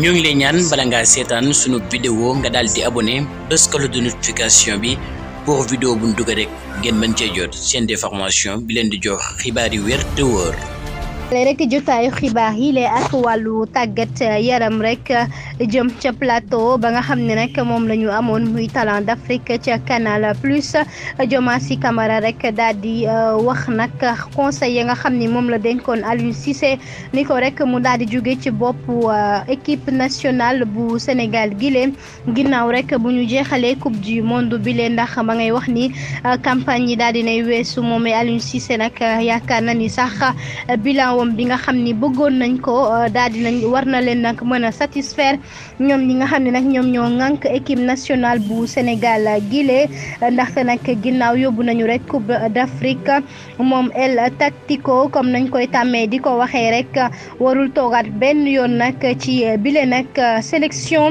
ñoo ngi lay ñaan bala ngaa seetaan sunu vidéo nga daal di abonné bës cloche de notification bi pour vidéo bu ñu dugal rek ngeen mën cee jot seen information bi leen di jox xibaar yu wér te wóor. rek jotaayu xibaar yii lee ak wàllu tàggat yaram rek jëm ca plateau ba nga xam ne nag moom la ñu amoon muy talent d'Afrique ca Canal Plus si Camara rek daal di euh, wax nag conseil ya nga xam ni moom la dénkoon Aliou Cissé ni ko rek mu daal di jóge ci boppu euh, équipe nationale bu Sénégal gile ginnaaw rek bu ñu jeexalee coupe du monde bi ndax ma ngay wax ni euh, campagne yi daal di nay weesu moom Aliou Cissé nag yaakaar na ni sax bilan ginnaawam bi nga xam ni bëggoon nañ ko euh, daal di war na leen nag mën a satisfaire ñoom ñi nga xam ni nag ñoom ñoo ŋànk équipe nationale bu Sénégal gile ndaxte nag ginnaaw yóbbu nañu rek coupe d'Afrique moom El Tactico comme nañ koy tàmmee di ko waxee rek warul toogaat benn yoon nag ci bile nag sélection.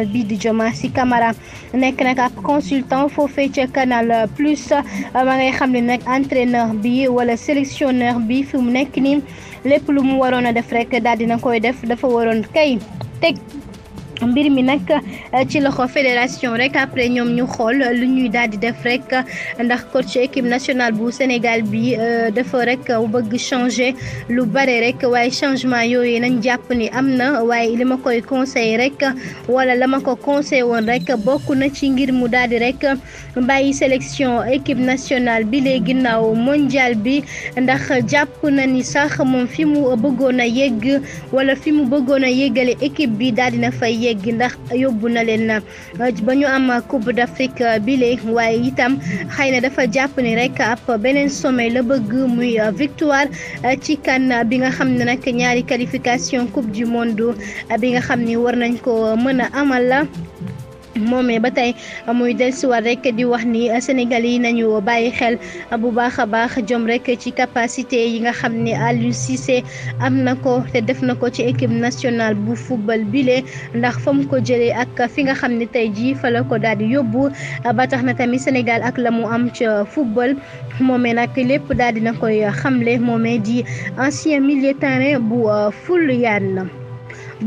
canal bi di Diomassi Nek consultant foofee ca canal plus euh, ma ngay xam entraîneur bi wala sélectionneur bi fum nek le nii lépp lu mu waroon def rek daal dina koy def dafa kay mbir mi nag eh, ci loxo fédération rek après ñoom ñu xool lu ñuy daal di def rek ndax coach équipe nationale bu Sénégal bi rekk eh, rek bëgg changer lu bare rek waaye changement yooyu nañ jàpp ni am na waaye li ma koy conseil rek wala la ma ko conseil woon rek bokk na ci ngir mu daal di rek bàyyi sélection équipe nationale bi léegi ginnaaw mondial bi ndax jàpp na ni sax moom fi mu bëggoon a yegg wala fi mu bëggoon a yeggale équipe bi daal dina fay yegg gi ndax yóbbu na leen euh, ba ñu am coupe d'Afrique euh, bile waaye itam xëy na dafa jàpp ni rek ab beneen sommet la bëgg muy euh, victoire ci kan bi nga xam ne nag ñaari qualification coupe du monde bi nga xam ni war nañ ko mën a amal la moomee ba tey muy dellusiwaat rek di wax ni Sénégal yi nañu bàyyi xel bu baax a baax jom rek ci capacité yi nga xam ni Aliou Cissé am na ko te def na ko ci équipe nationale bu football bile ndax fa mu ko jëlee ak fi nga xam ni tey jii fa la ko daal di yóbbu ba tax na tamit Sénégal ak la mu am ca football moomee nak lépp daal dina koy xamle moomee di ancien milieu terrain bu euh, Full Yaan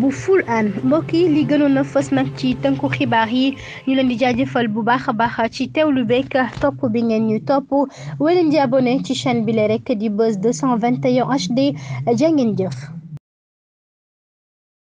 bu ful aan mbokk yi li gënoon na fës nag ci tënku xibaar yi ñu leen di jaajëfal bu baax a baax ci teewlu beeg topp bi ngeen ñu topp wala ngeen di ci chaîne bi rek di Buzz 221 HD jaa ngeen jëf.